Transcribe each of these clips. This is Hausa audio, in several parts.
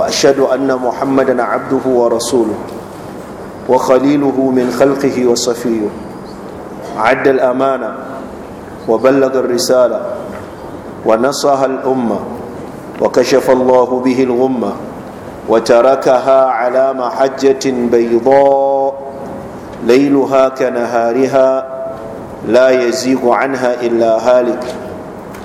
واشهد ان محمدا عبده ورسوله وخليله من خلقه وصفيه عد الامانه وبلغ الرساله ونصها الامه وكشف الله به الغمه وتركها على محجه بيضاء ليلها كنهارها لا يزيغ عنها الا هالك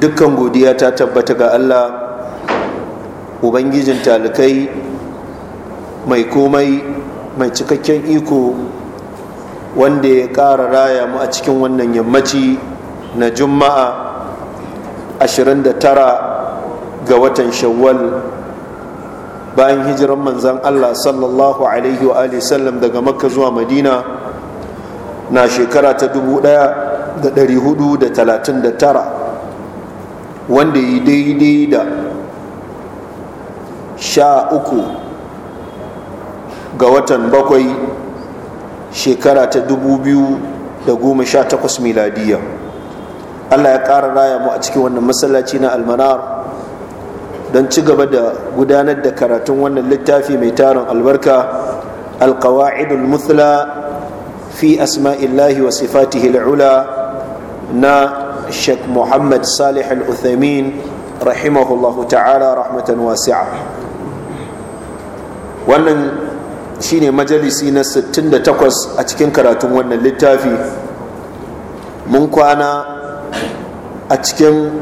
dukkan godiya ta tabbata ga allah ubangijin talikai mai komai mai cikakken iko wanda ya ƙara raya mu a cikin wannan yammaci na juma'a 29 ga watan shawwal bayan hijiran manzan allah sallallahu alaihi wa sallam daga makka zuwa madina na shekara ta 1439 wanda yi daidai da sha uku ga watan bakwai shekara ta dubu biyu da goma sha takwas miladiya allah ya ƙara raya mu a cikin wannan masallaci na almanar don ci gaba da gudanar da karatun wannan littafi mai tarin albarka alkawa'idul المثلى في أسماء الله وصفاته العلى na. Sheikh Muhammad Salih Al-Uthaymin rahimahullahu ta'ala rahmatan wasi'a wannan shine majalisi na takwas a cikin karatun wannan littafi mun kwana a cikin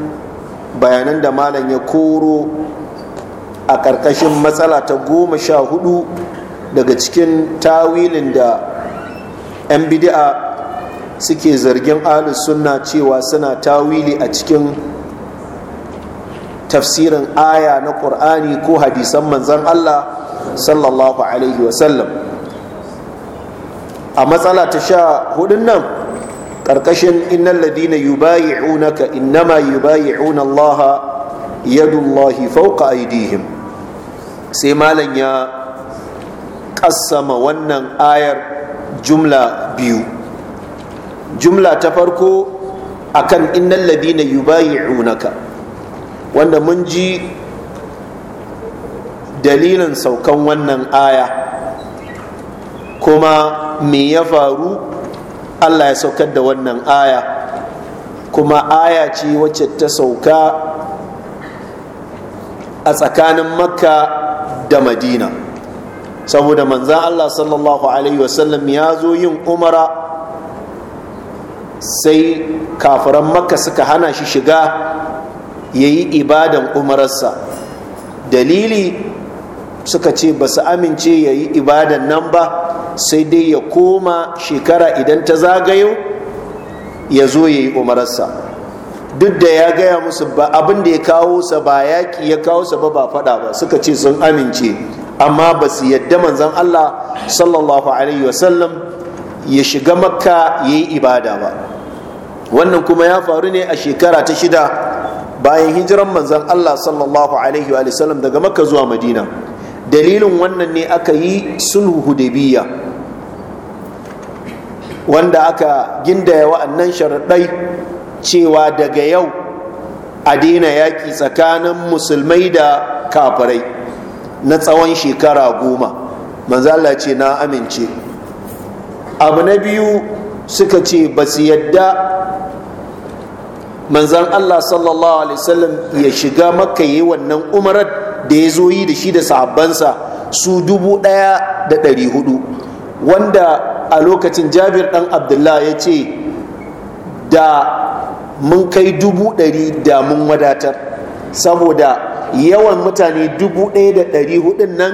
bayanan da malam ya koro a ƙarƙashin matsala ta goma sha hudu daga cikin tawilin da 'yan bidi'a suke zargin ahlus sunna cewa suna tawili a cikin tafsirin aya na ƙur'ani ko hadisan manzan Allah sallallahu alaihi wasallam a matsala ta sha hudun nan ƙarƙashin innan ladina yubayi'unaka innama Laha Allah yadullahi fauka aidihim sai malam ya ƙassama wannan ayar jumla biyu jumla ta farko a akan innal ladina unaka wanda mun ji dalilin saukan wannan aya kuma me ya faru Allah ya saukar da wannan aya kuma aya ce wacce ta sauka a tsakanin makka da madina saboda manzan Allah sallallahu alaihi wasallam ya zo yin umara sai kafiran makka suka hana shi shiga ya yi ibadan umararsa dalili suka ce ba su amince ya yi ibadan nan ba sai dai ya koma shekara idan ta zagayo ya zo ya yi umararsa duk da ya gaya musu ba abin da ya kawo sa ba yaƙi ya kawo sa ba ba faɗa ba suka ce sun amince amma ba su yadda manzan Allah sallallahu alaihi wasallam ya shiga makka ya yi ibada ba wannan kuma ya faru ne a shekara ta shida bayan hijiran manzan Allah sallallahu alaihi wa sallam daga makka zuwa madina dalilin wannan ne aka yi sulhu biyya. wanda aka gindaya wa'annan sharaɗai cewa daga yau a daina yaƙi tsakanin musulmai da kafirai na tsawon shekara goma manzala ce na amince abu na biyu suka ce ba su yadda manzan Allah sallallahu alaihi wasallam ya shiga maka yi wannan umarar da ya zo yi da shi da sahabbansa su dubu ɗaya da ɗari hudu wanda a lokacin jabir ɗan abdullah ya ce da mun kai dubu ɗari da mun wadatar saboda yawan mutane dubu ɗaya da ɗari hudun nan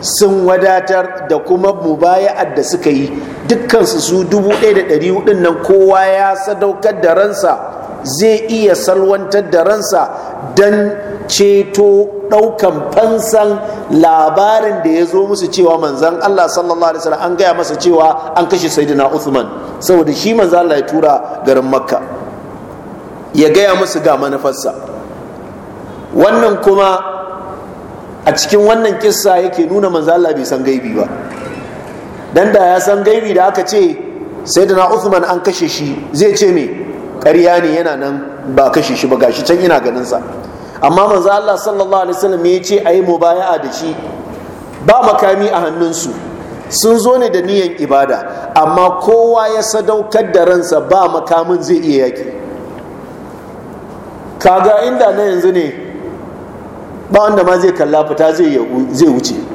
sun wadatar da kuma mubaya'ar da suka yi dukkansu su dubu ɗaya da ɗari hudun nan kowa ya sadaukar da ransa zai iya salwantar da ransa don ceto ɗaukan fansan labarin da ya zo musu cewa manzan Allah sallallahu alaihi wasallam an gaya masa cewa an kashe sayyidina Uthman saboda shi manzan Allah ya tura garin Makka ya gaya musu ga manufarsa wannan kuma a cikin wannan kissa yake nuna manzan Allah bai san gaibi ba dan da ya san gaibi da aka ce sayyidina Uthman an kashe shi zai ce me ƙarya ne yana nan ba kashe shi ba gashi can ina ganin sa amma manzo Allah sallallahu alaihi wasallam ya ce ayi mubaya'a da shi ba makami a hannun su sun zo ne da niyan ibada amma kowa ya sadaukar da ransa ba makamin zai iya yaki kaga inda na yanzu ne ba wanda ma zai kalla fita zai wuce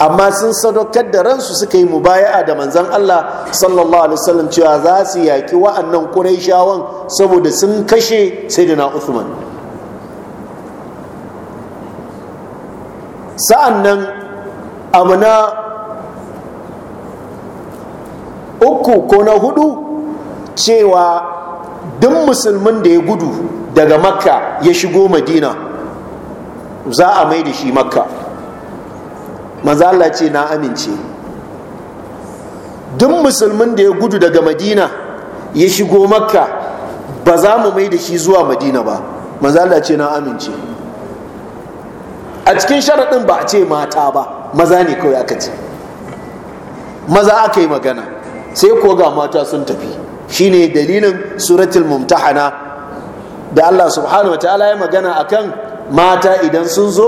amma sun sadaukar da ransu suka yi mubaya'a da manzon Allah sallallahu alaihi wasallam cewa za su yaki wa'annan shawon saboda sun kashe Sayyidina Uthman sa'annan abu na uku ko na hudu cewa duk musulmin da ya gudu daga makka ya shigo madina za a mai da shi makka Maza Allah ce na amince duk musulmin da ya gudu daga madina ya shigo makka ba za mu mai da shi zuwa madina ba maza Allah ce na amince a cikin sharaɗin ba a ce mata ba maza ne kawai aka ce maza aka yi magana sai ko ga mata sun tafi shine dalilin suratul mumtahana da Allah subhanahu wa ta'ala ya magana akan mata idan sun zo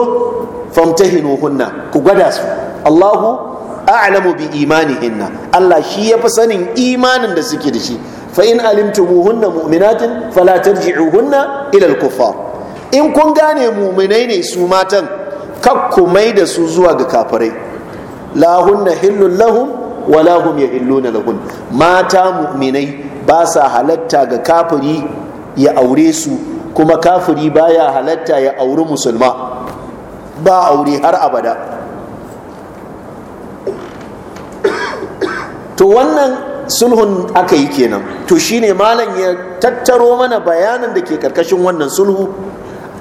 famtahinuhunna ku gwada su Allahu a'lamu bi imanihinna Allah shi ya fi sanin imanin da suke da shi fa in alimtumuhunna mu'minatin fala tarji'uhunna ila al-kuffar in kun gane mu'minai ne su matan kakku ku mai da su zuwa ga kafirai lahunna hillun lahum wa la yahilluna lahun mata mu'minai ba sa halatta ga kafiri ya aure su kuma kafiri baya halatta ya auri musulma ba aure har abada to wannan sulhun aka yi kenan to shine malam ya tattaro mana bayanin da ke karkashin wannan sulhu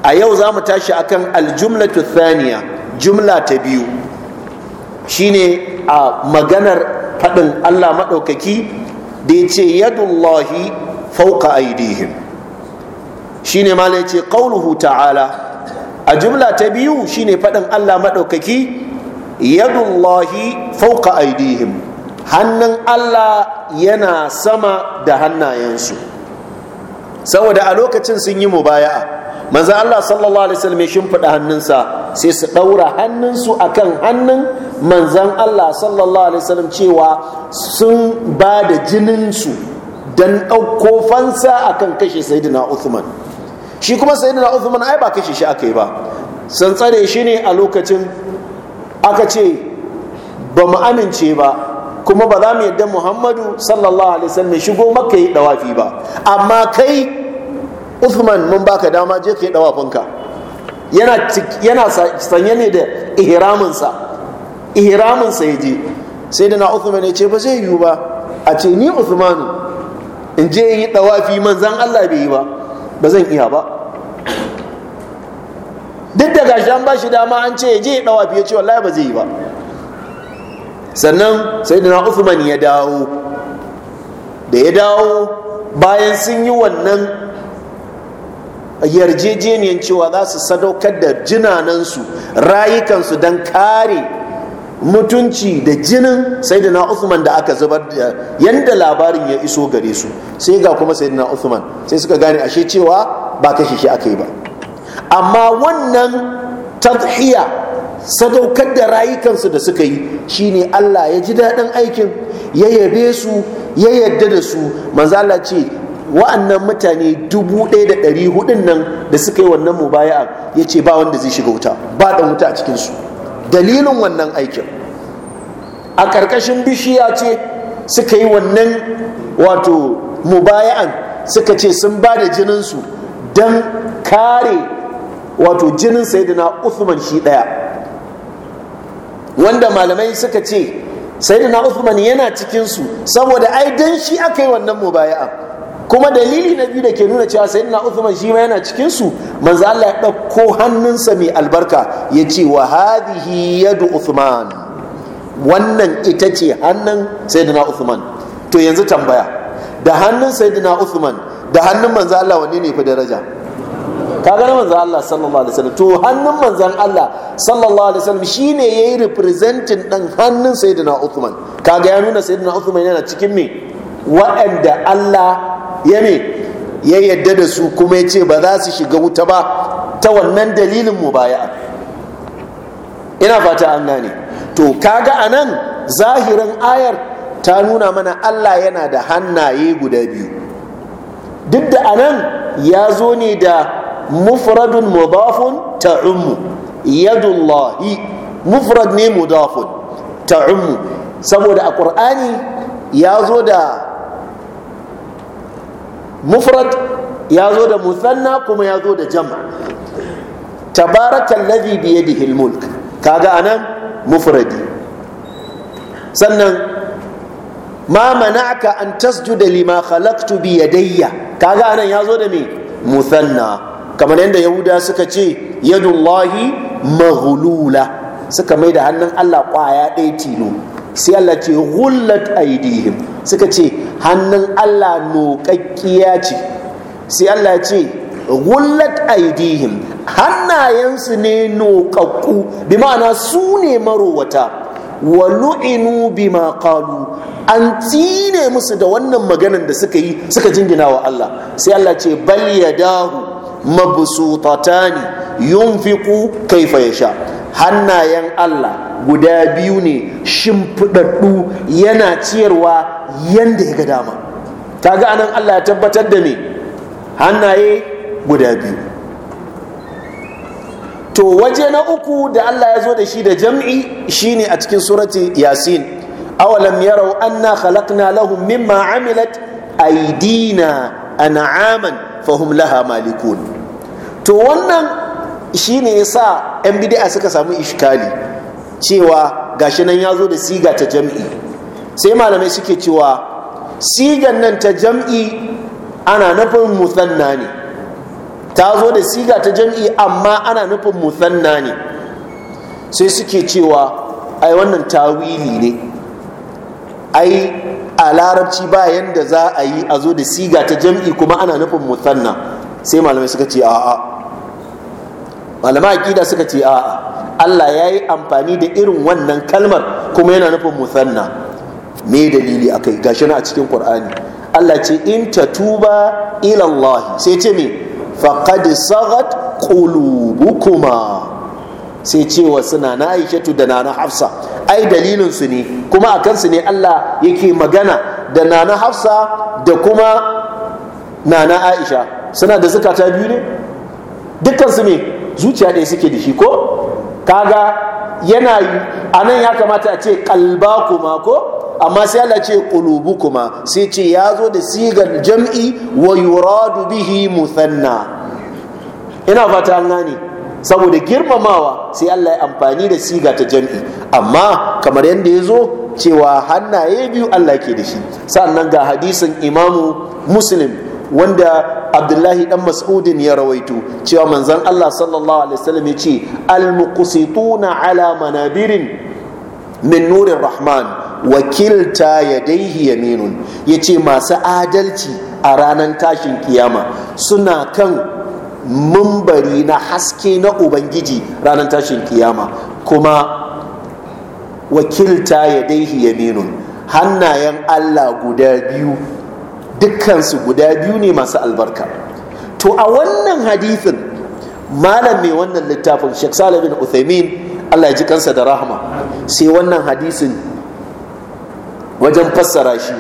a yau za mu tashi akan aljumlatu thaniya jumla ta biyu shine a maganar faɗin allah maɗaukaki da ya ce yadullahi fauka aidihim shine mala yace qauluhu ta'ala a jumla ta biyu shine faɗin Allah maɗaukaki yadullahi fauka aidihim hannun Allah yana sama da hannayensu saboda a lokacin sun yi mubaya'a manzo Allah sallallahu alaihi wasallam ya shimfiɗa hannunsa sai su ɗaura hannunsu akan hannun manzan Allah sallallahu alaihi wasallam cewa sun ba da jininsu don ɗauko fansa akan kashe sayyidina Uthman shi kuma sayyidina Uthman ai ba kashe shi aka yi ba sun tsare shi ne a lokacin aka ce ba mu amince ba kuma ba za mu yadda Muhammadu sallallahu alaihi wasallam shigo maka yi dawafi ba amma kai Usman mun baka dama je ka yi dawafinka yana yana sanye ne da ihraminsa ihraminsa ya je sai da na Uthman ya ce ba zai yiwu ba a ce ni usmanu in je yi dawafi manzan Allah bai yi ba ba zan iya ba duk da gashi an bashi shi dama an ce je ya dawa fiye ce wallahi ba zai yi ba sannan sai da usman ya dawo da ya dawo bayan sun yi wannan yarjejeniyar cewa za su sadaukar da jinanansu rayukansu don kare mutunci da jinin sayyidina Usman da aka zubar da yanda labarin ya iso gare su sai ga kuma sayyidina Usman sai suka gane ashe cewa ba kashe shi aka yi ba amma wannan tadhiya sadaukar da rayukansu da suka yi shine Allah ya ji daɗin aikin ya yabe su ya yadda da su manzala ce wa'annan mutane dubu ɗaya da ɗari hudun nan da suka yi wannan mubaya'a ya ce ba wanda zai shiga wuta ba ɗan wuta a cikinsu dalilin wannan aikin a ƙarƙashin bishiya ce suka yi wannan wato mubaya'an suka ce sun ba da jininsu don kare wato jinin sayidina Usman shi ɗaya wanda malamai suka ce sayidina Usman yana cikinsu saboda ai dan shi aka yi wannan mubaya'a kuma dalili na biyu da ke nuna cewa sayyidina Uthman shi ma yana cikin su manzo Allah ya dauko hannunsa mai albarka ya ce wa hadhihi yadu Uthman wannan ita ce hannun sayyidina Uthman to yanzu tambaya da hannun sayyidina Uthman da hannun manzo Allah wanne ne fi daraja ka gani manzo Allah sallallahu alaihi wasallam to hannun manzo Allah sallallahu alaihi wasallam shine yayi representing dan hannun sayyidina Uthman kaga ya nuna sayyidina Uthman yana cikin me waɗanda Allah ya ne ya yadda da su kuma ya ce ba za su shiga wuta ba ta wannan dalilin mu baya ina fata an gane to kaga anan zahirin ayar ta nuna mana Allah yana da hannaye guda biyu duk da anan ya zo ne da mufradun mudafun ta'ummu yadullahi mufrad ne mudafun ta'ummu saboda a ƙur'ani ya zo da mufrad ya zo da musanna kuma ya zo da jama tabarakan ladhi biye da al Ka ga anan mufradi sannan ma an tasjuda lima khalaqtu bi yadayya kaga anan ya zo da me musanna kamar yadda yahuda suka ce yadullahi maghlula suka mai da hannun Allah kwaya ɗaya tilo sai Allah ce ghullat aidihim suka ce hannun Allah noƙaƙƙiya ce sai Allah ce gullat aidihim hannayensu ne noƙaƙƙu bi ma'ana su ne marowata wa lu'inu bima qalu an tsine musu da wannan maganan da suka yi suka jingina wa Allah sai Allah ce bal yadahu mabsutatani yunfiqu kaifa yasha hannayen Allah guda biyu ne shimfiɗaɗɗu yana ciyarwa yadda ya ga dama ta ga anan Allah ya tabbatar da me hannaye guda biyu to waje na uku da Allah ya zo da shi da jam'i shine a cikin surati yasin awalam yarau anna khalaqna lahum mimma amilat aidina an'aman fahum laha malikun to wannan shi ne ya sa 'yan bidi'a suka samu ishkali cewa gashi nan ya zo da siga ta jam'i sai malamai suke cewa sigan nan ta jam'i ana nufin musanna ne ta zo da siga ta jam'i amma ana nufin musanna ne sai suke cewa ai wannan tawili ne ai a larabci bayan da za a yi a zo da siga ta jam'i kuma ana nufin musanna sai malamai suka ce a'a malama aqida suka ce a'a Allah ya yi amfani da irin wannan kalmar kuma yana nufin musanna me dalili akai gashi na a cikin qur'ani Allah ce in tatuba ila Allah sai ce me faqad sagat qulubukuma sai cewa suna na aishatu da nana hafsa ai dalilin su ne kuma a kansu ne Allah yake magana da nana hafsa da kuma nana aisha suna da zukata biyu ne dukkan su ne zuciya da suke da shi ko kaga yana a nan ya kamata a ce kalba kuma ko amma sai Allah ce qulubu kuma sai ce ya zo da sigar jam'i wa yuradu bihi muthanna ina fata an gane saboda girmamawa sai Allah ya amfani da siga ta jam'i amma kamar yadda ya zo cewa hannaye biyu Allah ke da shi sannan ga hadisin imamu muslim wanda abdullahi dan mas'udin ya rawaito cewa manzon Allah sallallahu alaihi wasallam ya ce al-muqsituna ala manabirin min nurin rahman wa kilta yadayhi yaminun yace masu adalci a ranar tashin kiyama suna kan mumbari na haske na ubangiji ranar tashin kiyama kuma wakilta ya daihi yaminun hannayen allah guda biyu dukkansu guda biyu ne masu albarka to a wannan hadithin malam mai wannan littafin Sheikh Salih bin Uthaymeen Allah ji kansa da rahama sai wannan hadisin wajen fassara shi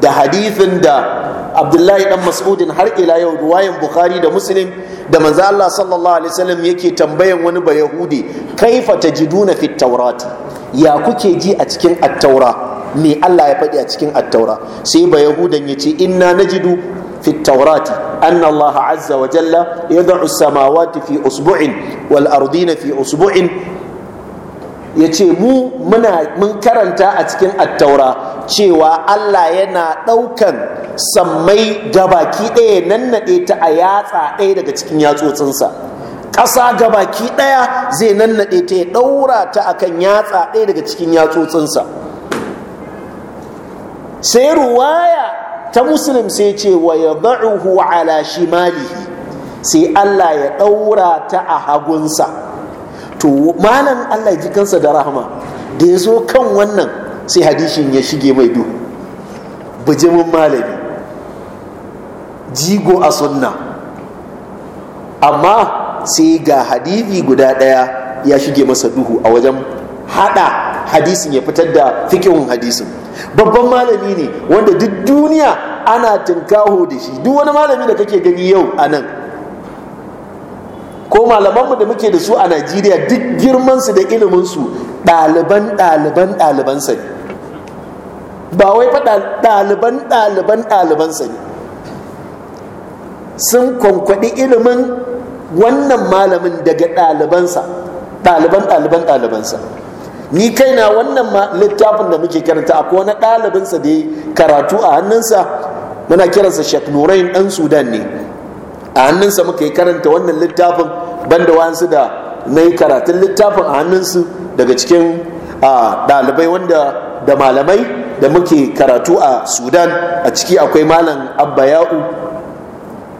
da hadithin da Abdullahi dan Mas'udin har ila yau ruwayan Bukhari da Muslim da manzo Allah sallallahu alaihi wasallam yake tambayan wani bayahudi kaifa tajiduna fit tawrati ya kuke ji a cikin attaura me Allah ya faɗi a cikin attaura sai ba yahudan ya ce inna najidu في التوراة أن الله عز وجل fi usbu'in fi أسبوع fi usbu'in ya yace mu muna mun karanta a cikin attaura cewa Allah yana ɗaukan sammai baki ɗaya nannaɗe ta a yatsa ɗaya daga cikin yatsotsinsa ƙasa ga baki ɗaya zai nannaɗe ta ya ɗaura ta a kan yatsa ɗaya daga cikin yatsotsinsa sai ruwaya ta muslim sai ce wa ya da'uhu ala shimalihi sai Allah ya ɗaura ta a hagunsa to malam Allah ji kansa da rahama da ya zo kan wannan sai hadishin ya shige mai duhu bijimin malami jigo a sunna amma sai ga hadithi guda ɗaya ya shige masa duhu a wajen hada hadisin ya fitar da fikin hadisin babban malami ne wanda duk duniya ana tinkaho da shi duk wani malami da kake gani yau a nan ko malamanmu da muke da su a najeriya duk girmansu da iliminsu ɗaliban ɗaliban ɗaliban sani. ba wai faɗa ɗaliban ɗaliban ɗalibansa sani. sun kwankwaɗi ilimin wannan malamin daga ɗalibansa ɗaliban ɗaliban ɗalibansa ni kaina wannan littafin da muke karanta akwai wani ɗalibinsa da ya karatu a hannunsa muna kiransa shek nurain ɗan sudan ne a hannunsa muka yi karanta wannan littafin banda wasu da na yi karatun littafin a hannunsu daga cikin ɗalibai wanda da malamai da muke karatu a sudan a ciki akwai malam abba ya'u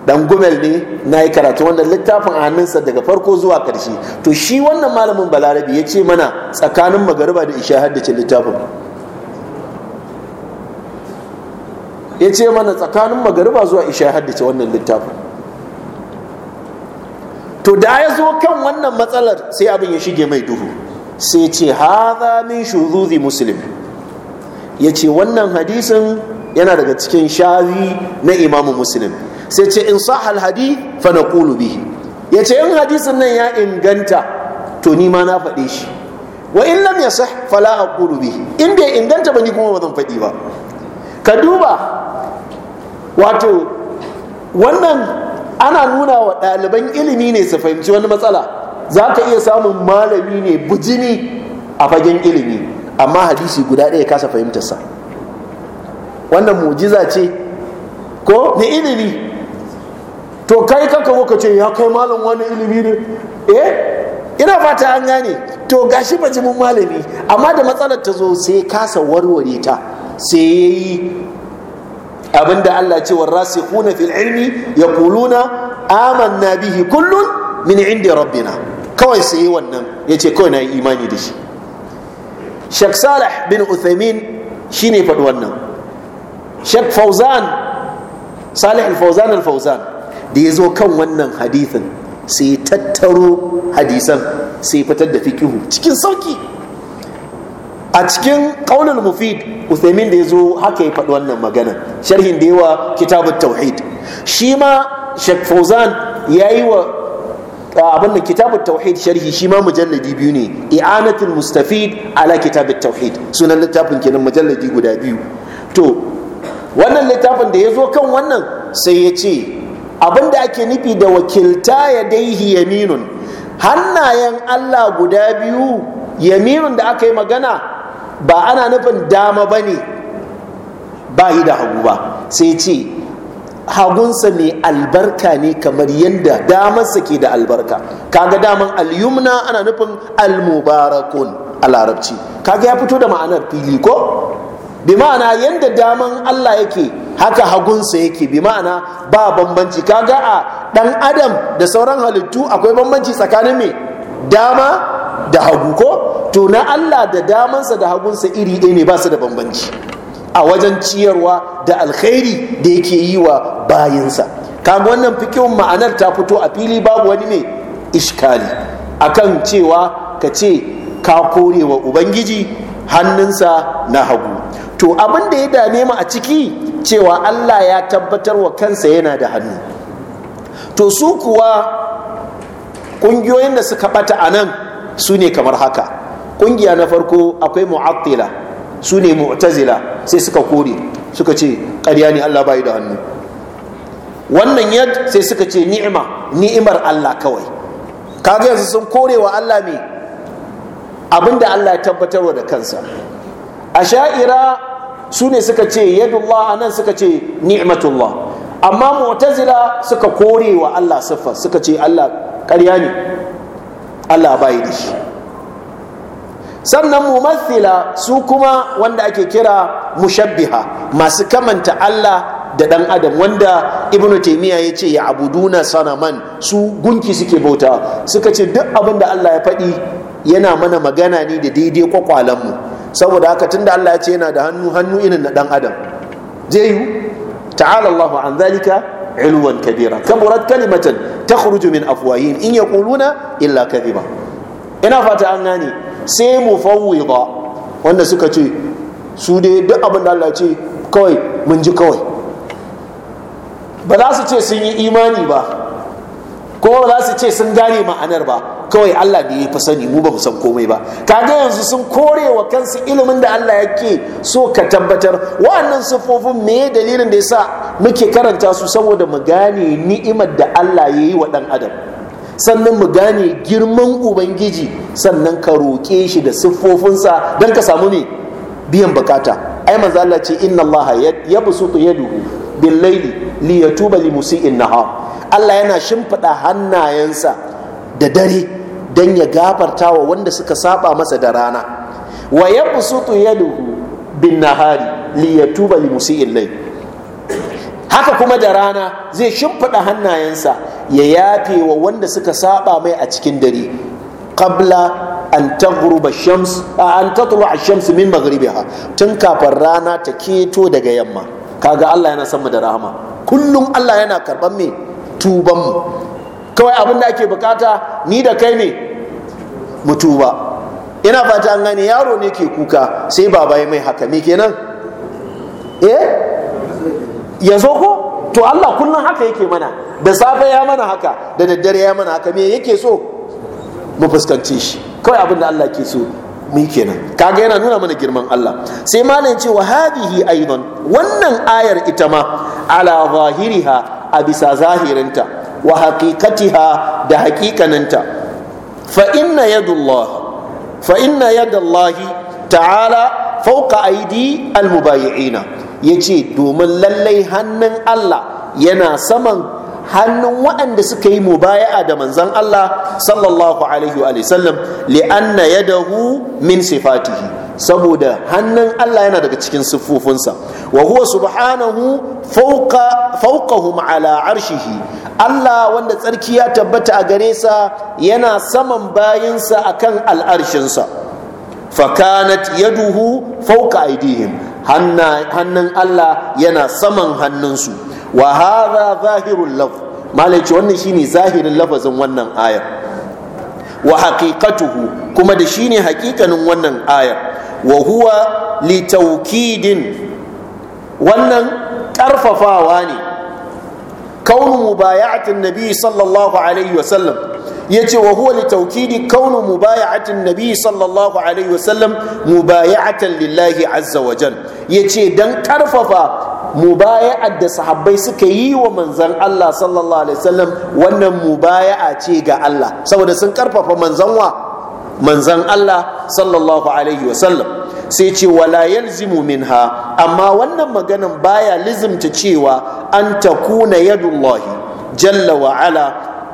dan gumel ne na yi karatu wannan littafin a hannunsa daga farko zuwa karshe to shi wannan malamin balarabi ya ce mana tsakanin magariba da isha haddace littafin ya ce mana tsakanin magariba zuwa isha haddace wannan littafin to da ya zo kan wannan matsalar sai abin ya shige mai duhu sai ce haza min shuzuzi muslim ya ce wannan hadisin yana daga cikin shari na imamu muslim sai ce in sahal hadi fa naqulu bihi ce in hadisin nan ya inganta to ni ma na faɗe shi wa in lam sa fala aqulu bihi in bai inganta ba ni kuma ba faɗi ba ka duba wato wannan ana nuna wa ɗaliban ilimi ne su fahimci wani matsala za ka iya samun malami ne bujini a fagen ilimi amma hadisi guda ɗaya kasa fahimtarsa wannan mujiza ce ko ni ilimi to kai kanka ka ce ya kai malam wani ilimi ne eh ina fata an gane to gashi min malami amma da matsalar ta zo sai kasa warware ta sai abinda Allah ce warasikuna fil ilmi yaquluna amanna bihi kullun min indi rabbina kawai sai wannan yace kawai na imani da shi shek Salih bin shi shine faɗi wannan Sheikh Fauzan Salih al-Fauzan al-Fauzan da ya zo kan wannan hadithin sai tattaro hadisan sai fitar da fikihu cikin sauki a cikin ƙaunar mufid Uthaymin da ya zo haka ya faɗi wannan magana sharhin da yawa kitabun tauhid shi ma Sheikh Fauzan ya yi wa abin da kitabun tauhid sharhi shi ma mujalladi biyu ne i'anatul mustafid ala kitabun tauhid sunan littafin kenan mujalladi guda biyu to wannan littafin da ya zo kan wannan sai ya ce abin da ake nufi da wakilta ya daihi yaminun hannayen allah guda biyu yaminun da aka yi magana ba ana nufin dama ba ne ba yi da hagu ba sai ce hagunsa mai albarka ne kamar yadda damarsa ke da albarka kaga daman alyumna ana nufin almubarakun a larabci kaga ya fito da ma'anar fili ko bi ma'ana yadda daman Allah yake haka hagunsa yake bi ma'ana ba bambanci kaga a dan adam da sauran halittu akwai bambanci tsakanin me dama da hagu ko to na Allah da damansa da hagunsa iri ɗaya ne ba su da bambanci a wajen ciyarwa da alkhairi da yake yi wa bayinsa kaga wannan fikihun ma'anar ta fito a fili babu wani ne ishkali akan cewa ka ce ka kore wa ubangiji hannunsa na hagu to abin da ya dame mu a ciki cewa Allah ya tabbatar wa kansa yana da hannu to su kuwa ƙungiyoyin da suka bata a nan su ne kamar haka ƙungiya na farko akwai mu'attila su ne mu'tazila sai suka kore suka ce ƙarya ne Allah bai da hannu wannan yad sai suka ce ni'ima ni'imar Allah kawai kaga yanzu sun kore wa Allah ne abinda Allah ya tabbatarwa da kansa A sha'ira. su ne suka ce yadullah anan suka ce ni'matullah amma mu'tazila suka kore wa Allah siffa suka ce Allah ƙarya ne Allah bayi da shi sannan mumathila su kuma wanda ake kira mushabbiha masu kamanta Allah da dan adam wanda ibnu taimiyya ya ce ya abuduna sanaman su gunki suke bauta suka ce duk abin da allah ya faɗi yana mana magana ne da daidai kwakwalenmu saboda haka tunda Allah ya ce yana da hannu hannu irin na dan adam zai yi ta'ala Allahu an zalika ilwan kabira kaburat kalimatan takhruju min afwahihim in yaquluna illa kadhiba ina fata an gane sai mufawwida wanda suka ce su dai duk abin da Allah ya ce kawai mun ji kawai ba za su ce sun yi imani ba kuma ba za su ce sun gane ma'anar ba kawai Allah ne ya fi sani mu ba mu san komai ba kaga yanzu sun kore wa kansu ilimin da Allah yake so ka tabbatar wa'annan siffofin me dalilin da yasa muke karanta su saboda mu gane ni'imar da Allah ya yi wa dan adam sannan mu gane girman ubangiji sannan ka roƙe shi da siffofinsa don ka samu ne biyan bukata ai manzo Allah ce inna Allah busutu yaduhu bil layli li yatuba li nahar Allah yana shimfiɗa hannayensa da dare don ya gafarta wa wanda suka saba masa da rana wa ya yaduhu bin nahari li tuba li musii'il layl haka kuma da rana zai shimfiɗa hannayensa ya yafe wa wanda suka saba mai a cikin dare qabla an taghruba shams an a shams min maghribiha tun kafin rana ta keto daga yamma kaga Allah yana san mu da rahama kullum Allah yana karban mai tuban mu kawai abin da ake bukata ni da kai ne mutuba ina fata an gani yaro ne ke kuka sai baba ya mai haka ne kenan eh ya zo ko to Allah kullum haka yake mana da safe ya mana haka da daddare ya mana haka me yake so mu fuskance shi kawai abin da Allah ke so mu kenan kaga yana nuna mana girman Allah sai malam ce wa hadihi aidan wannan ayar ita ma ala zahiriha a bisa zahirinta wa haƙiƙatiha da haqiqaninta fa inna yadullah fa inna yadallahi ta'ala fauka aidi almubayi'ina yace domin lallai hannun Allah yana saman hannun waɗanda suka yi mubaya'a da manzon Allah sallallahu alaihi wa sallam li'anna yadahu min sifatihi saboda hannun Allah yana daga cikin siffofinsa wa huwa subhanahu fawqahum ala arshihi Allah wanda tsarki ya tabbata a gare sa yana saman bayinsa akan al'arshinsa fakanat yaduhu fawqa aidihim hannun Allah yana saman hannunsu wa hadha zahirul lafz malai ce wannan shine zahirin lafazin wannan ayar wa haqiqatuhu kuma da shine haƙiƙanin wannan ayar wa huwa litaukidin wannan ƙarfafawa ne kaunu mubayatin nabi sallallahu alaihi wasallam ya ce wa huwa litaukidi kaunu mubayatin nabi sallallahu alaihi wasallam mubayatan lillahi azza wa Yace dan ce ƙarfafa mubaya'ar da sahabbai suka yi wa manzan Allah sallallahu alaihi wasallam wannan mubaya'a ce ga Allah saboda sun karfafa manzan wa manzan Allah sallallahu alaihi wasallam sai ce wala yalzimu minha amma wannan maganan baya lizimta cewa an takuna yadullahi jalla wa ala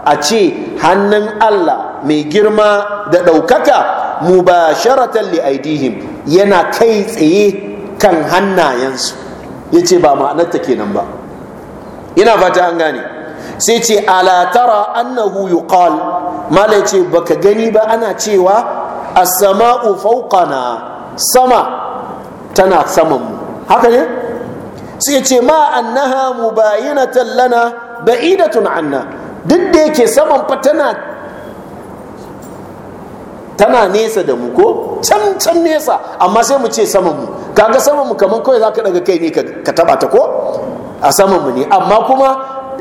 a ce hannun Allah mai girma da ɗaukaka mubasharatan li aidihim yana kai tsaye kan hannayensu ya ce ba ma'anarta kenan ba ina fata an gane sai ce alatara annahu yuqal mala ce baka gani ba ana cewa as-sama'u fawqana sama tana saman mu haka ne sai ce ma annaha mubayinatan lana ba'idatun anna duk da yake saman fa tana tana nesa da mu ko can can nesa amma sai mu ce saman mu kaga saman mu kamar kawai za ka daga kai ne ka taba ta ko a saman mu ne amma kuma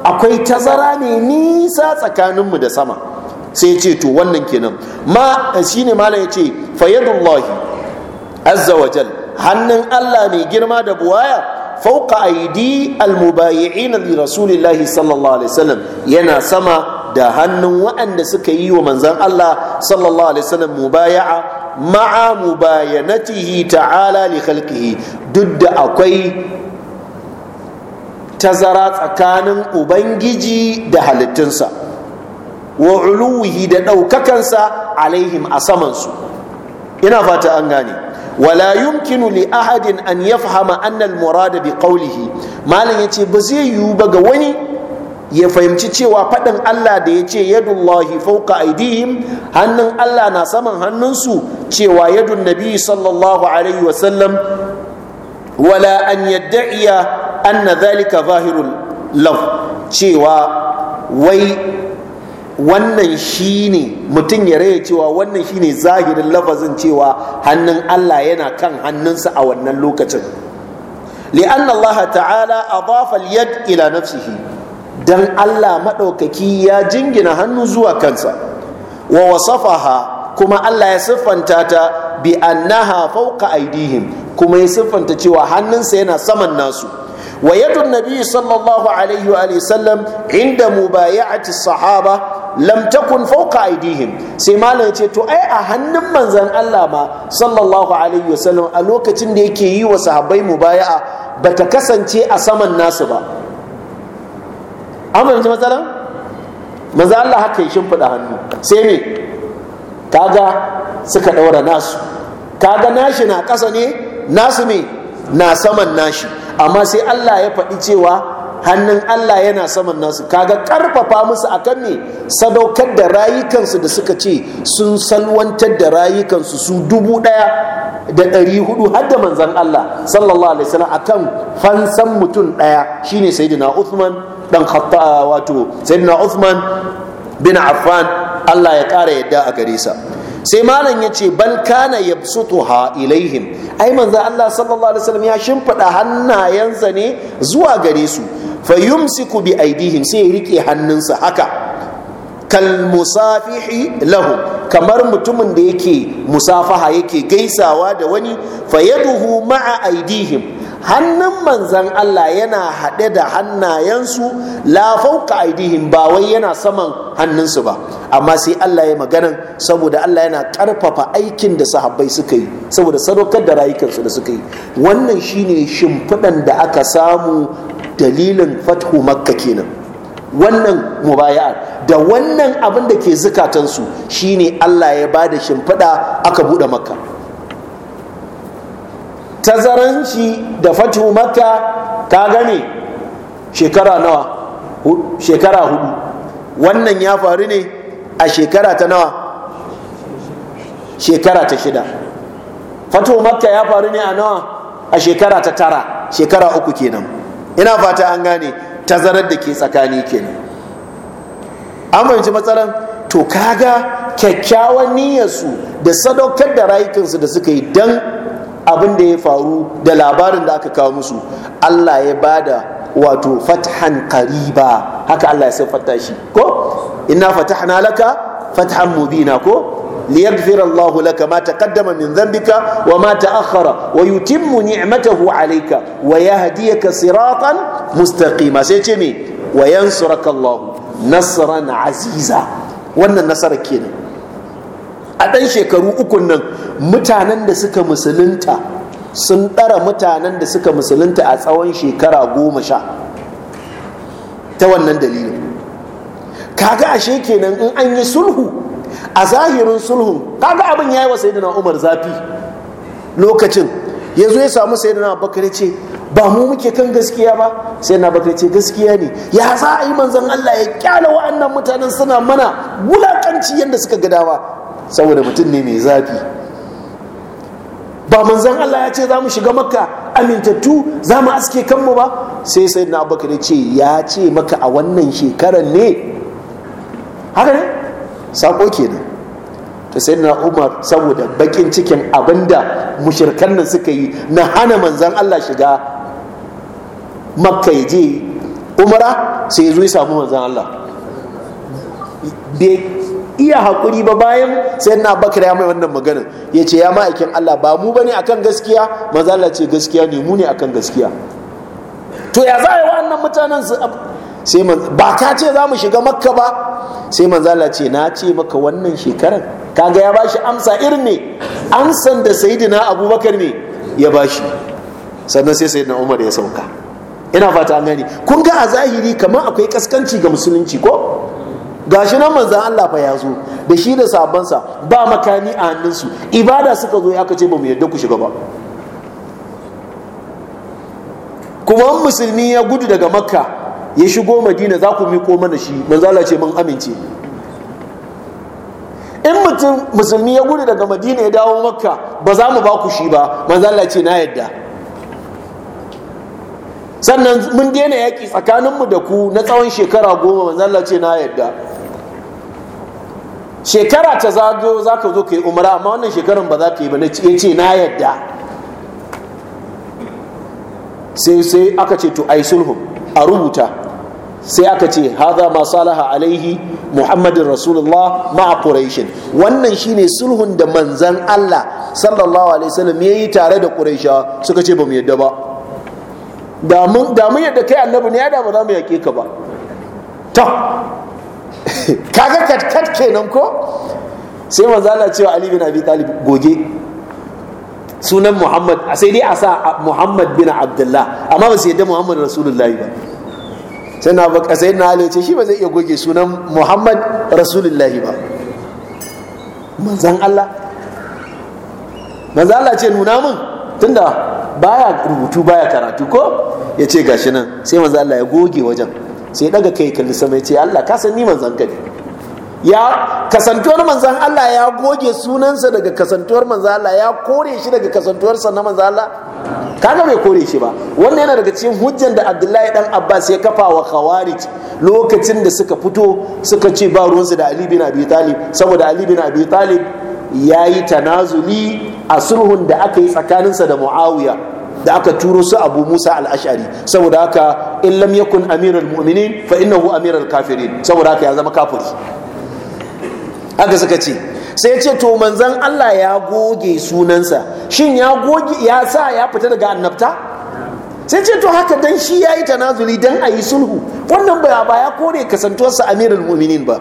akwai tazara ne nisa tsakaninmu da sama sai ya ce to wannan kenan ma ne malam ya ce fayadullahi azza hannun Allah mai girma da buwaya fauka aidi almubayi'in li rasulillahi sallallahu alaihi wasallam yana sama da hannun waɗanda suka yi wa manzan Allah sallallahu alaihi wasallam mubaya'a ma'a mubayanatihi ta'ala li khalqihi duk da akwai tazara tsakanin ubangiji da halittunsa wa uluwihi da ɗaukakansa alaihim a saman su. ina fata an gane ولا يمكن لأحد أن يفهم أن المراد بقوله ما لن يتبزي ga wani. ya fahimci cewa faɗin Allah da ya ce yadullahi fauka aidihim hannun Allah na saman hannunsu cewa yadun nabi sallallahu alaihi wasallam wala an yadda'iya anna zalika zahirul laf cewa wai wannan shine mutum ya raya cewa wannan shine zahirin lafazin cewa hannun Allah yana kan hannunsa a wannan lokacin li'anna Allah ta'ala adafa al-yad ila nafsihi dan Allah maɗaukaki ya jingina hannu zuwa kansa wa wasafaha kuma Allah ya siffanta ta bi annaha fawqa aidihim kuma ya siffanta cewa hannunsa yana saman nasu wa yadu nabi sallallahu alaihi wa sallam inda mubayati sahaba lam takun fawqa aidihim sai malam ce to ai a hannun manzon Allah ma sallallahu alaihi sallam a lokacin da yake yi wa sahabbai mubaya'a bata kasance a saman nasu ba an fahimci matsalan Maza Allah haka ya shimfiɗa hannu sai me kaga suka ɗaura nasu kaga nashi na ƙasa ne nasu me na saman nashi amma sai Allah ya faɗi cewa hannun Allah yana saman nasu kaga ƙarfafa musu akan me sadaukar da rayukansu da suka ce sun salwantar da rayukansu su dubu ɗaya da ɗari hudu har da manzan Allah sallallahu alaihi wasallam akan fansan mutum ɗaya shine sayyidina Uthman dan khatta ah, wato sayyidina Uthman bin Affan Allah ya kara yadda a gare sa sai malam ya ce bal kana yabsutuha ilaihim ai manzo Allah sallallahu alaihi wasallam ya shimfida hannayensa ne zuwa gare su fayumsiku bi aidihim sai ya rike hannunsa haka kal musafihi lahu. kamar mutumin da yake musafaha yake gaisawa da wani fayaduhu ma'a aidihim hannun manzan Allah yana haɗe da hannayensu la fauka aidihin ba wai yana saman hannunsu ba amma sai Allah ya maganan saboda Allah yana ƙarfafa aikin da sahabbai suka yi saboda sadaukar da rayukansu da suka yi wannan shine shimfiɗan da aka samu dalilin fathu makka kenan wannan mubaya'a da wannan abin da ke zukatansu shine Allah ya ba da shimfiɗa aka buɗe makka Tazaranci da fatu makka ka gane shekara nawa shekara hudu wannan ya faru ne a shekara ta nawa shekara ta shida fatu makka ya faru ne a nawa a shekara ta tara shekara uku kenan ina fata an gane tazarar da ke tsakani kenan an fahimci matsalan to kaga kyakkyawan niyyarsu da sadaukar da rayukansu da suka yi dan abin da ya faru da labarin da aka kawo musu Allah ya bada wato fathan kariba haka Allah ya sai fata shi ko inna fatahna laka fathan mubina ko liyaghfira Allahu laka ma taqaddama min dhanbika wa ma ta'akhkhara wa yutimmu ni'matahu 'alayka wa yahdiyaka siratan mustaqima sai ce me wa yansuraka Allahu nasran aziza wannan nasarar kenan a ɗan shekaru ukun nan mutanen da suka musulunta sun ɗara mutanen da suka musulunta a tsawon shekara goma sha ta wannan dalilin kaga ashe kenan in an yi sulhu a zahirin sulhun kaga abin ya yi wa sayyidina umar zafi lokacin ya zo ya samu sayyidina bakar ce ba mu muke kan gaskiya ba sai na bakar ce gaskiya ne ya za a yi manzon Allah ya kyala wa'annan mutanen suna mana wulakanci yadda suka ga dawa saboda mutum ne mai zafi ba manzan Allah ya ce za mu shiga makka amintattu za mu aske kanmu ba sai sai na abubakar ya ce ya ce maka a wannan shekarar ne haka ne sako kenan ta sai na umar saboda bakin cikin abinda mushirkan nan suka yi na hana manzan Allah shiga makka ya je umara sai ya zo ya samu manzan Allah iya haƙuri ba bayan sai na bakar ya mai wannan magana ya ce ya ma'aikin Allah ba mu bane akan gaskiya mazala ce gaskiya ne mu ne akan gaskiya to ya za a yi wa'annan mutanen su sai ba ka ce za mu shiga makka ba sai mazala ce na ce maka wannan shekarar kaga ya bashi amsa irin ne amsan da sayyidina abubakar ne ya bashi sannan sai sayyidina umar ya sauka ina fata an gani kun ga a zahiri kamar akwai kaskanci ga musulunci ko shi nan manzan Allah fa ya zo da shi da sabansa ba makani a hannunsu ibada suka zo aka ce ba mu yarda ku shiga ba kuma musulmi ya gudu daga makka ya shigo madina za ku miƙo mana shi manzan Allah ce mun amince in mutum musulmi ya gudu daga madina ya dawo makka ba za mu ba ku shi ba manzan Allah ce na yadda sannan mun daina yaƙi tsakaninmu da ku na tsawon shekara goma manzan ce na yadda shekara ta zago za ka zo ka yi umara amma wannan shekaran ba za ka yi ba na ce na yadda sai sai aka ce to ai sulhu a rubuta sai aka ce haza ma salaha alaihi muhammadin rasulullah ma'a quraishin wannan shine sulhun da manzan allah sallallahu alaihi wasallam ya yi tare da quraishawa suka ce ba mu yadda ba da mun yadda kai annabi ne ya da ba za mu yaƙe ka ba to kaga katkat kenan ko sai manzo Allah cewa Ali bin Abi Talib goge sunan Muhammad sai dai a sa Muhammad bin Abdullah amma ba su yadda Muhammad Rasulullah ba sai na baka sai na Ali ce shi ba zai iya goge sunan Muhammad Rasulullah ba manzan Allah manzan Allah ce nuna mun tunda baya rubutu baya karatu ko ya ce gashi nan sai manzo Allah ya goge wajen sai daga kai kalli sama ya ce Allah ka san ni manzon ka ne ya kasantuwar manzon Allah ya goge sunansa daga kasantuwar manzon Allah ya kore shi daga sa na manzon Allah kaga bai kore shi ba wannan yana daga cikin hujjan da abdullahi dan abbas ya kafa wa khawarij lokacin da suka fito suka ce ba ruwansu da ali bin abi talib saboda ali bin abi talib ya yi tanazuli a sulhun da aka yi tsakaninsa da muawiya da aka turo su abu musa al'ashari saboda haka in lam yakun amirul mu'minin fa innahu amirul kafirin saboda haka ya zama kafiri haka suka ce sai ce to manzon Allah ya goge sunansa shin ya goge ya sa ya fita daga annabta sai ce to haka dan shi yayi tanazuli dan ayi sulhu wannan ba ya kore kasantuwarsa amirul mu'minin ba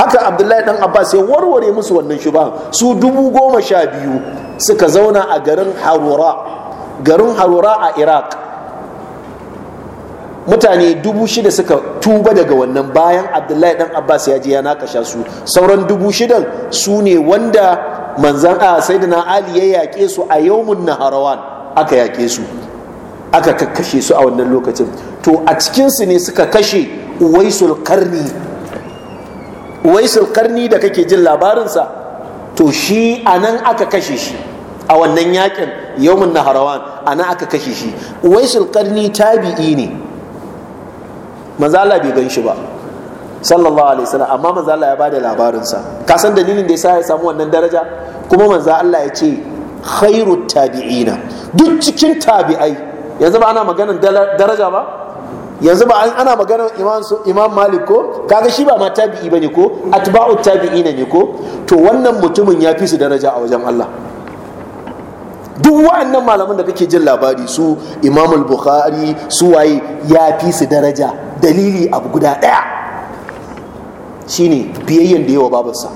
haka abdullahi dan abbas ya warware musu wannan shubahan su dubu goma sha biyu suka zauna a garin harura garin harura a iraq mutane dubu shida suka tuba daga wannan bayan abdullahi dan abbas ya je ya nakasha su sauran dubu shidan su ne wanda manzan a saidina ali ya yaƙe su a yawmun naharawan aka yaƙe su aka kakkashe su a wannan lokacin to a cikinsu ne suka kashe uwaisul karni uwaisul karni da kake jin labarinsa to shi a nan aka kashe shi a wannan yakin yawmin naharawan a nan aka kashe shi uwaisul karni tabi'i ne mazala bai gan shi ba sallallahu alaihi wasallam amma mazala ya bada labarinsa ka san dalilin da yasa ya samu wannan daraja kuma manzo Allah ya ce khairu tabi'ina duk cikin tabi'ai yanzu ba ana maganar daraja ba yanzu ba an ana magana imam imam malik ko kaga shi ba ma tabi'i bane ko atba'u tabi'ina ne ko to wannan mutumin ya fi su daraja a wajen Allah duk wa'annan malaman da kake jin labari su imam al-bukhari su waye ya fi su daraja dalili abu guda daya shine biyayyen da yawa babarsa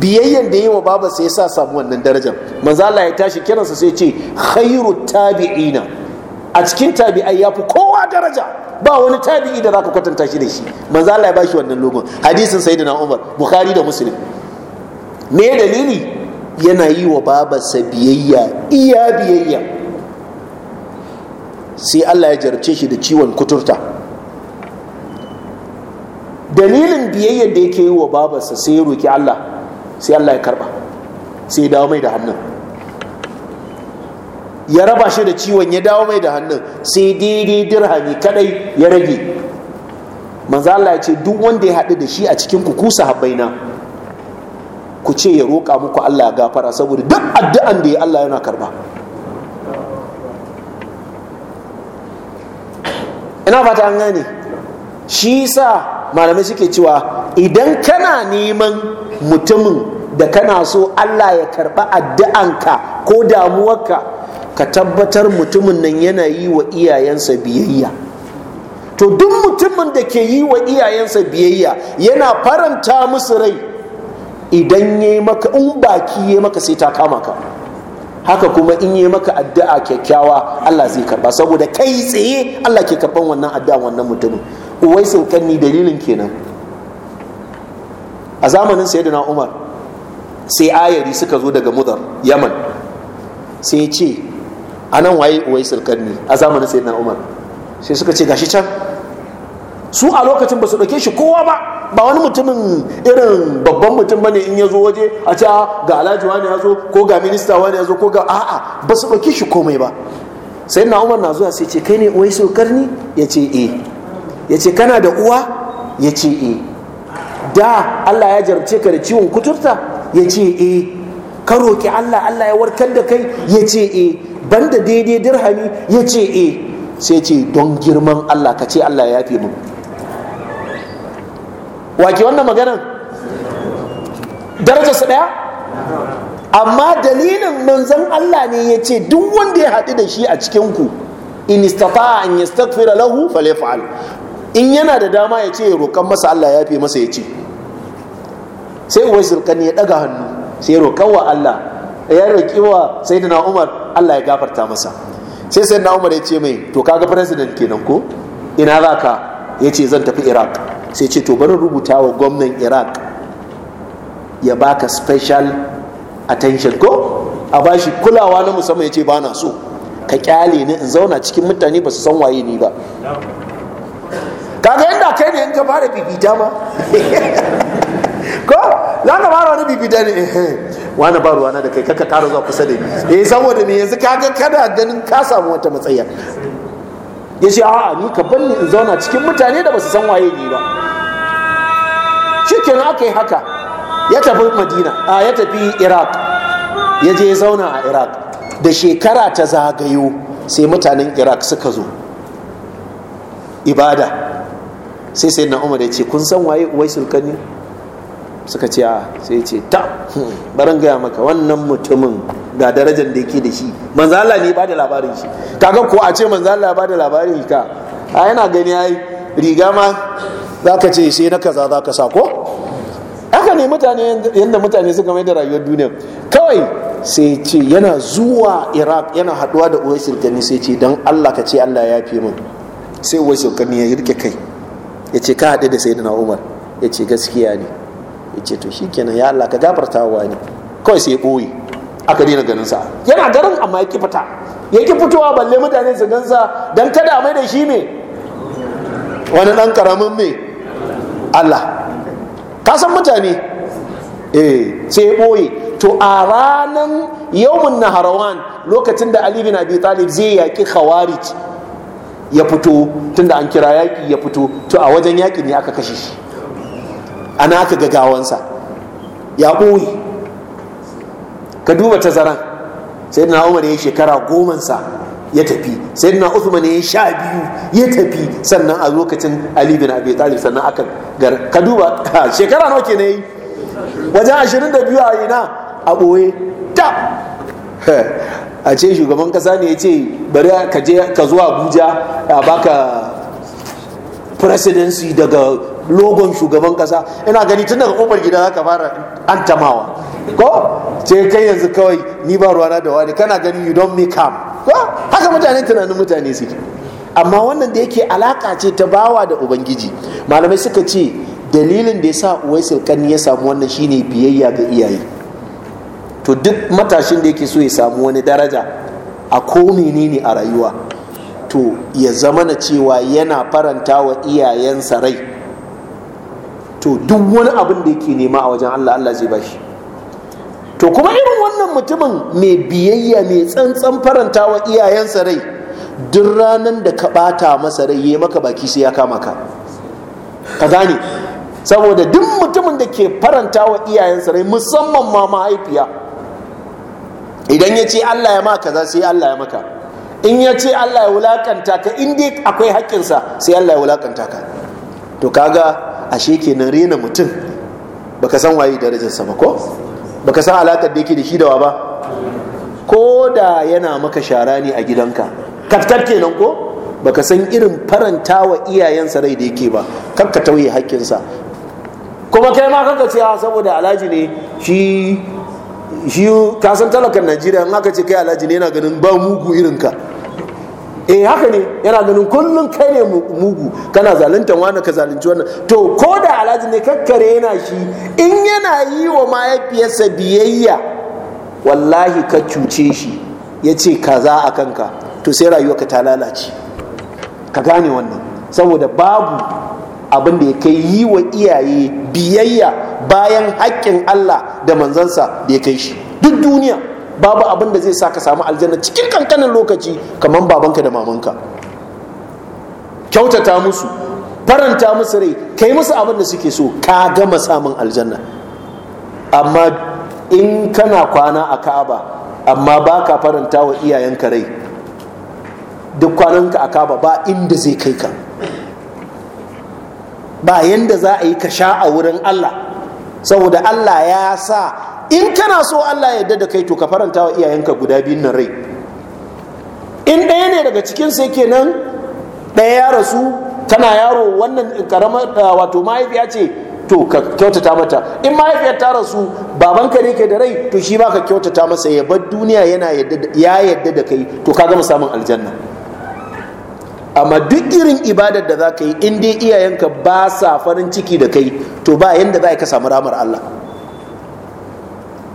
biyayyen da yawa babarsa ya sa samu wannan darajar manzo Allah ya tashi kiransa sai ya ce khairu tabi'ina a cikin tabi'ai ya fi kowa daraja ba wani tabi'i da zaka kwatanta shi da shi manzo Allah ya bashi wannan logon hadisin sayyidina Umar Bukhari da Muslim me dalili yana yi wa babarsa biyayya iya biyayya sai Allah ya jarce shi da ciwon kuturta dalilin biyayyar da yake yi wa babarsa sai ya roki Allah sai Allah ya karba sai ya dawo mai da hannun ya raba shi da ciwon ya dawo mai da hannun sai daidai dirhami kadai ya rage manzo Allah ya ce duk wanda ya haɗu da shi a cikin ku ku ku ce ya roƙa muku Allah ya gafara saboda duk addu'an da ya Allah yana karba ina fata an gane shi sa malamai suke cewa idan kana neman mutumin da kana so Allah ya karba addu'anka ko damuwarka ka tabbatar mutumin nan yana yi wa iyayensa biyayya to duk mutumin da ke yi wa iyayensa biyayya yana faranta musu rai idan ya maka in baki ya maka sai ta kama ka haka kuma in yi maka addu'a kyakkyawa Allah zai karba saboda kai tsaye Allah ke karban wannan addu'a wannan mutumin sun kanni dalilin kenan a zamanin sayyidina Umar sai ayari suka zo daga mudar Yaman sai ce a nan waye wai al ne a zamanin sayyidina umar sai suka ce gashi can su a lokacin ba su dauke shi kowa ba ba wani mutumin irin babban mutum bane in yazo waje a ce ah, ga alhaji wani ya zo ko ga minista wani ya ko ga a'a ba su dauke shi komai ba sai umar na zuwa sai ce kai ne sulkar karni ya ce eh ya ce kana da uwa ya ce eh da allah ya jarabce ka da ciwon kuturta ya ce e ka roki allah allah ya warkar da kai ya ce e banda daidai dirhami ya ce e sai ce don girman Allah ka ce Allah ya fi mu wake wannan maganan darajarsa daya? amma dalilin manzan Allah ne ya ce duk wanda ya haɗu da shi a cikinku in istata an yastaghfira lahu falyaf'al in yana da dama ya ce ya roƙan masa Allah ya fi masa ya ce sai uwai zulkarni ya ɗaga hannu sai roƙan wa Allah ya roƙi wa sayyidina Umar Allah ya gafarta masa sai sayyidina Umar ya ce mai to kaga president kenan ko ina za ka ya ce zan tafi Iraq sai ce to bari rubuta wa gwamnan Iraq ya baka special attention ko a bashi kulawa na musamman ya ce ba na so ka kyale ni in zauna cikin mutane ba su san waye ni ba kaga inda kai ne in ka fara fifita ma ko za ka fara wani bibida ne eh wani ba na da kai kaka kara zuwa kusa da ni eh saboda me yanzu kaga kada ganin ka samu wata matsaya ya ce a'a ni ka ni in zauna cikin mutane da basu san waye ni ba shikenan aka yi haka ya tafi madina a ya tafi iraq ya je ya zauna a iraq da shekara ta zagayo sai mutanen iraq suka zo ibada sai sai na umar ya ce kun san waye uwai sulkani suka ce a ah, sai ce ta hmm, baran gaya maka wannan mutumin ga darajar da yake da shi manzala ne ba da labarin shi kaga ko a ce manzala ba da labarin ka a yana gani ai riga ma za ka ce sai na kaza za ka sa ko haka ne mutane yadda mutane suka mai da rayuwar duniya kawai sai ce yana zuwa iraq yana haduwa da uwai shirkani sai ce don allah ka ce allah ya fi min sai uwai shirkani ya rike kai ya ce ka haɗe da sayyidina umar ya ce gaskiya ne ya ce to shikenan ya Allah ka gafarta wa ne kawai sai ya ɓoye aka daina ganin sa yana garin amma ya ki fita ya ki fitowa balle mutane su sa dan kada a mai da shi me wani dan ƙaramin me Allah ka san mutane eh sai ya ɓoye to a ranan yawmun naharawan lokacin da Ali bin Abi Talib zai yaki Khawarij ya fito tunda an kira yaki ya fito to a wajen yaki ne aka kashe shi ana aka ga gawansa ya ɓoye ka duba tazaran sai na umar ya shekara gomansa ya tafi sai na uthman ya sha biyu ya tafi sannan a lokacin ali bin abi talib sannan aka gar ka duba shekara nawa kenan yi wajen ashirin da biyu a ina a ɓoye ta a ce shugaban kasa ne ya ce bari ka je ka zuwa abuja a baka presidency daga logon shugaban kasa ina gani tun daga kofar gida zaka fara antamawa ko ce kai yanzu kawai ni ba ruwana da wani kana gani you don't make up ko haka mutane tunanin mutane suke amma wannan da yake alaka ce ta bawa da ubangiji malamai suka ce dalilin da ya sa uwaisul kan ya samu wannan shine biyayya ga iyaye to duk matashin da yake so ya samu wani daraja a ko menene a rayuwa to ya zama na cewa yana faranta wa iyayensa rai to duk wani abin da yake nema a wajen Allah Allah zai bashi to kuma irin wannan mutumin mai biyayya mai tsantsan faranta wa iyayensa rai duk ranar da ka bata masa rai ya maka baki sai ya kama ka ka gane saboda duk mutumin da ke faranta wa iyayensa rai musamman ma mahaifiya idan ya ce Allah ya maka kaza sai Allah ya maka in ya ce Allah ya wulakanta ka in dai akwai haƙƙinsa sai Allah ya wulakanta ka to kaga ashe kenan rena mutum baka san waye darajarsa ba ko baka san alakar da yake da shi da wa ba ko da yana maka shara ne a gidanka kaftar kenan ko baka san irin faranta wa iyayensa rai da yake ba kar ka tauye haƙƙinsa kuma kai ma kanka ce ah, saboda alhaji ne shi shi ka san talakan najeriya in aka ce kai alhaji ne yana ganin ba mugu irin ka eh haka ne yana ganin kullum kai ne mugu kana zaluntar wani ka zalunci wannan to ko da alhaji ne kakkare yana shi in yana yi wa mahaifiyarsa biyayya wallahi ka cuce shi ya ce kaza a kanka to sai rayuwa ka ta lalace ka gane wannan saboda babu abin da ya kai yi wa iyaye biyayya bayan haƙƙin Allah da manzansa da ya kai shi duk duniya babu abin da zai sa ka samu aljanna cikin kankanin lokaci kamar babanka da mamanka kyautata musu faranta musu rai kai musu abin da suke so ka gama samun aljanna amma in kana kwana a ka'aba amma ba ka faranta wa iyayenka rai duk kwananka a ka'aba ba inda zai kai ka ba yanda za a yi ka sha a wurin allah saboda allah ya sa in kana so Allah ya yarda da kai to ka faranta wa iyayenka guda biyun nan rai in ɗaya ne daga cikin sai kenan ɗaya ya rasu tana yaro wannan karamar ah, wato mahaifiya ce to ka kyautata mata in mahaifiyar ta rasu babanka ne ke da rai to shi ba ka kyautata masa ya bar duniya yana ya yarda da kai to ka gama samun aljanna amma duk irin ibadar da za ka yi in dai iyayenka ba sa farin ciki da kai to ba yanda za ka samu ramar Allah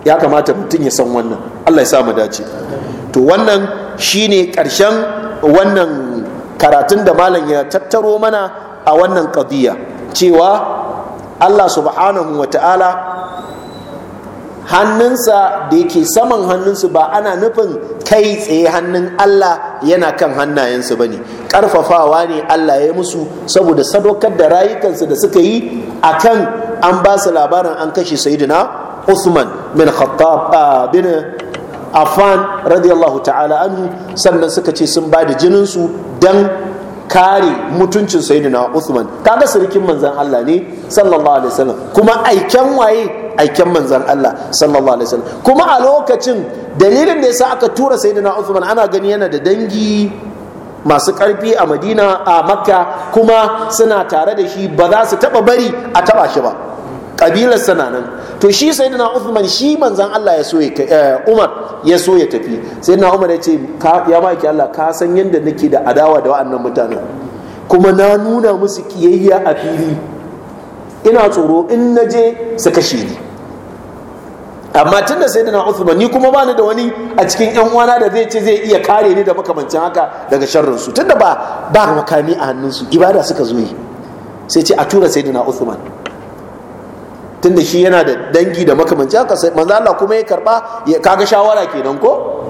ya kamata mutum ya san wannan allah ya sa mu dace to wannan shine karshen wannan karatun da malam ya tattaro mana a wannan qadiya cewa allah subhanahu wa ta'ala hannunsa da yake saman hannunsu ba ana nufin kai tsaye hannun allah yana kan hannayensu ba ne ƙarfafawa ne allah ya musu saboda sadaukar da rayukansu da suka yi akan an ba su labarin an kashe sayyidina usman bin khattab ah, bin afan radiyallahu ta'ala anhu sannan suka ce sun bada jinin su dan kare mutuncin sayyidina Uthman kaga sirikin manzan Allah ne sallallahu alaihi wasallam kuma aiken waye aiken manzan Allah sallallahu alaihi wasallam kuma a lokacin dalilin da yasa aka tura sayyidina Usman ana gani yana da dangi masu karfi a madina a makka kuma suna tare da shi ba za su taba bari a taɓa shi ba kabilar sana nan to shi sayyidina Uthman shi manzan Allah ya so ya eh, Umar ya so ya tafi sayyidina Umar ya ce ya maki Allah ka san yadda nake da adawa da wa'annan mutanen kuma na nuna musu kiyayya a fili ina tsoro in na je su kashe ni amma tun da sai na Uthman ni kuma bani da wani a cikin yan uwana da zai ce zai iya kare ni da makamancin haka daga sharrin su tunda ba ba makami a hannun su ibada suka zo yi sai ce a tura sayyidina Uthman tunda shi yana da dangi da makamanci haka sai manzo Allah kuma ya karba ya kaga shawara kenan ko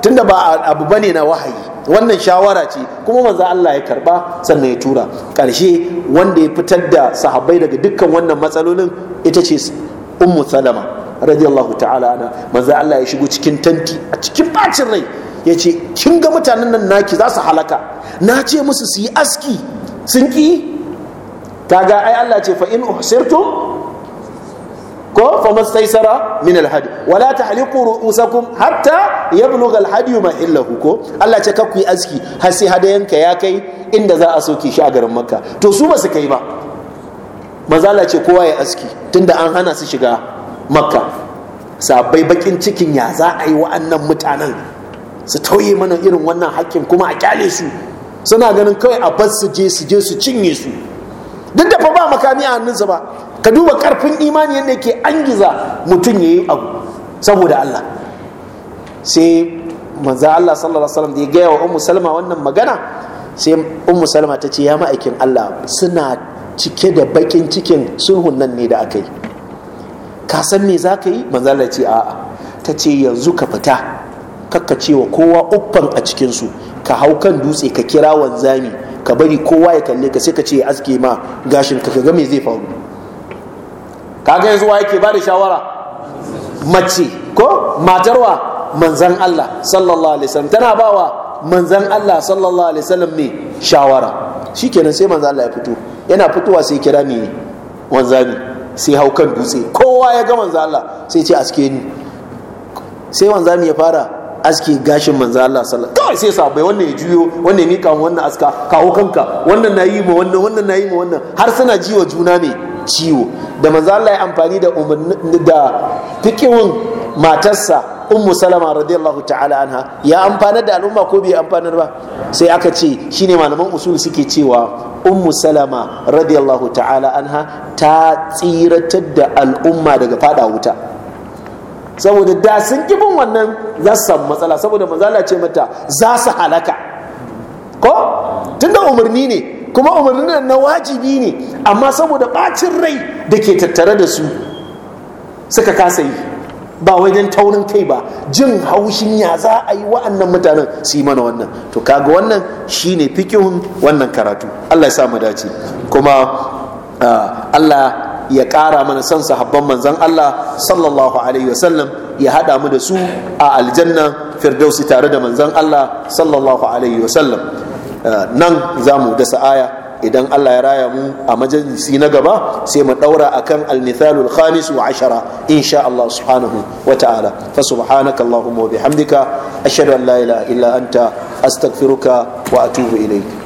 tunda ba abu bane na wahayi wannan shawara ce kuma manzo Allah ya karba sannan ya tura karshe wanda ya fitar da sahabbai daga dukkan wannan matsalolin ita ce ummu salama radiyallahu ta'ala ana manzo Allah ya shigo cikin tanti a cikin bacin rai ya ce kin ga mutanen nan naki za su halaka na ce musu su yi aski sun ki kaga ai Allah ce fa in uhsirtum ko fa mastaisara min alhadi wala tahliqu ru'usakum hatta yablugha alhadi illahu ko Allah ce kakku yi aski har sai yanka ya kai inda za a soke shi a garin makka to su ba su kai ba maza Allah ce kowa ya aski tunda an hana su shiga makka sabai bakin cikin ya za a yi wa'annan mutanen su tauye mana irin wannan hakkin kuma a kyale su suna ganin kawai a bar su je su je su cinye su duk da fa ba makami a hannunsa ba ka duba karfin imani yadda yake angiza mutum ya yi abu saboda Allah sai manza Allah sallallahu alaihi wasallam da ya gaya wa ummu salma wannan magana sai ummu salma ta ce ya ma'aikin Allah suna cike da bakin cikin sulhun nan ne da aka yi ka san me za ka yi manzo Allah ce a'a ta ce yanzu ka fita kakka wa kowa uffan a cikinsu ka hau kan dutse ka kira wanzami ka bari kowa ya kalle ka sai ka ce aske ma gashin ka ga me zai faru kaga yanzu wa yake ba da shawara mace ko matarwa manzan Allah sallallahu alaihi wasallam tana bawa manzan Allah sallallahu alaihi wasallam ne shawara shikenan sai manzan Allah ya fito yana fitowa sai kira ni wanzani sai hau kan dutse kowa ya ga manzan Allah sai ce aske ni sai wanzani ya fara aske gashin manzo Allah sallallahu kawai sai sabai wannan ya juyo wannan ya mika wannan aska kawo kanka wannan nayi ma wannan wannan nayi ma wannan har suna jiwa juna ne ciwo da manzo Allah ya amfani da da matarsa ummu salama radiyallahu ta'ala anha ya amfana da al'umma ko bai amfana ba sai aka ce shine malaman usul suke cewa ummu salama radiyallahu ta'ala anha ta tsiratar da al'umma daga fada wuta saboda da sun kibin wannan za samu matsala saboda manzala ce mata za su halaka ko tunda umarni ne kuma umarnin na wajibi ne amma saboda bacin rai da ke tattare da su suka kasa yi ba wajen taurin kai ba jin haushin ya za a yi wa'annan mutanen su yi mana wannan to kaga wannan shine fikin wannan karatu Allah ya sa mu dace kuma Allah ya ƙara mana son sahabban manzan Allah sallallahu alaihi wasallam ya haɗa mu da su a aljanna firdausi tare da manzan Allah sallallahu alaihi wasallam nan za mu dasa aya idan Allah ya raya mu a majalisi na gaba sai mu daura akan al-mithalul khamis wa ashara insha Allah subhanahu wa ta'ala fa subhanaka allahumma wa bihamdika ashhadu an la ilaha illa anta astaghfiruka wa atubu ilayk